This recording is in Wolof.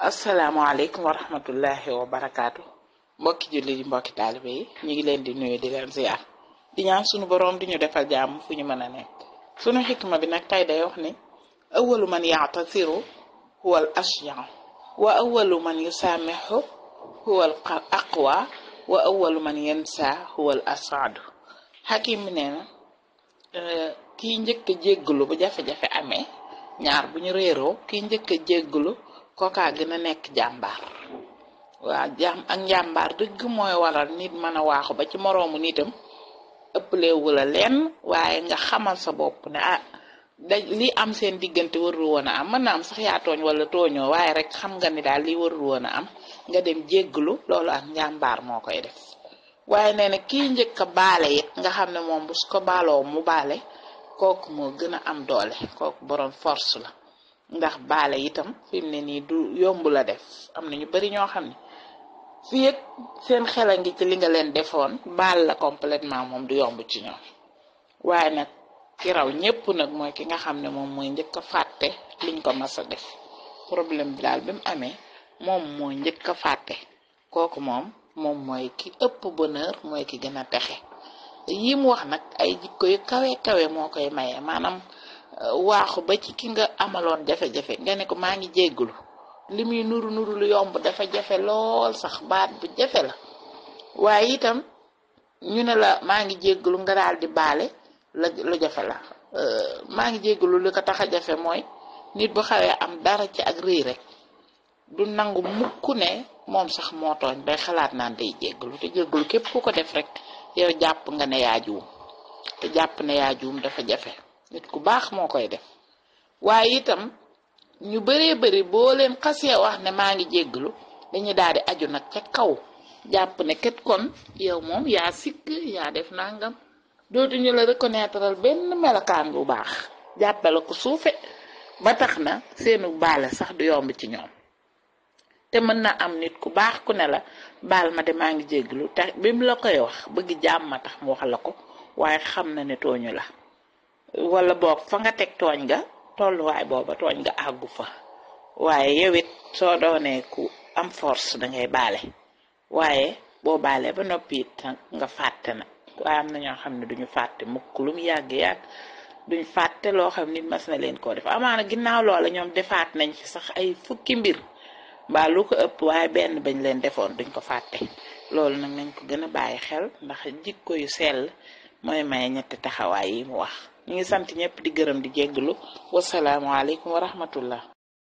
asalaamualeykum wa rahmatullahi wa barakaatu mbokki julli yi mbokki taalibe yi ñu ngi leen di nuyu di leen ziar di ñaan suñu boroom di ñu defal jàmm fu ñu mën a nekk suñu xikma bi nag tay day wax ni awalu man yaatasiru huwa al ashjan wa awalu man yusaamixu huwa al aqwa wa awalu man yensa huwa asaadu xakim bi nee eh, njëkk a jéggalu bu jafe-jafe amee ñaar bu ñu réeroo kii njëkk a kookaa gën a nekk jàmbaar waa ak njàmbaar dëgg mooy waral nit mën a waaxu ba ci moroomu nitam ëppleewu la lenn waaye nga xamal sa bopp ne ah da li am seen diggante warul woon a am mën na am sax yaa tooñ wala tooñoo waaye rek xam nga ni daal li warul woon a am nga dem jégglu loolu ak njàmbaar moo koy def waaye nee na kii njëkk a baale it nga xam ne moom bu ko baaloo mu baale kooku moo gën a am doole kook borom force la ndax baale itam fi mu ne nii du yomb la def am na ñu bari ñoo xam ne fii ak seen xel a ci li nga leen defoon baal la complètement moom du yomb ci ñoom waaye nag ki raw ñépp nag mooy ki nga xam ne moom mooy njëkk a fàtte liñ ko mas a def problème bi daal bi amee moom mooy njëkk a fàtte kooku moom moom mooy ki ëpp bonheur mooy ki gën a texe yi mu wax nag ay jikko yu kawe kawe moo koy maye maanaam waaxu ba ci ki nga amaloon jafe-jafe nga ne ko maa ngi jéggulu li muy nuru nuru lu yomb dafa jafe lool sax baat bu jafe la waaye itam ñu ne la maa ngi jéggulu nga daal di baale la jafe la euh, maa ngi jéggulu li ko tax a jafe mooy nit bu xawee am dara ci ak rëy rek du nangu mukk ne moom sax moo tooñ day xalaat naan day jéggulu te jéggulu képp ku ko def rek yow jàpp nga ne yaa juum te jàpp ne yaa juum dafa jafe nit ku baax moo koy def waaye itam ñu bëree bëri boo leen xasee wax ne maa ngi jégglu dañuy daal di aju nag ca kaw jàpp ne kat kon yow moom yaa sikk yaa def nangam dootuñu la reconnaître benn melokaan bu baax jàppale ko suufe ba tax na seenu baale sax du yomb ci ñoom te mën na am nit ku baax ku ne la baal ma de maa ngi jégglu te bi mu la koy wax bëgg jàmm ma tax mu wax la ko waaye xam na ne tooñu la wala boog fa nga teg tooñ ga tolluwaay booba tooñ ga àggu fa waaye yow it soo doonee ku am force dangay baale waaye boo baale ba noppi it nga fàtte na waaye am na ñoo xam ne duñu fàtte mukk lu mu yàgg-yàgg duñ fàtte loo xam nit mas na leen koo def amaana ginnaaw loola ñoom defaat nañ fi sax ay fukki mbir mbaa lu ko ëpp waaye benn bañ leen defoon duñ ko fàtte loolu nag nañ ko gën a bàyyi xel ndax jikko yu sell mooy maye ñetti taxawaay yi mu wax ñu ngi sant ñëpp di gërëm di jégglu wasalaamualeykum wa rahmatullah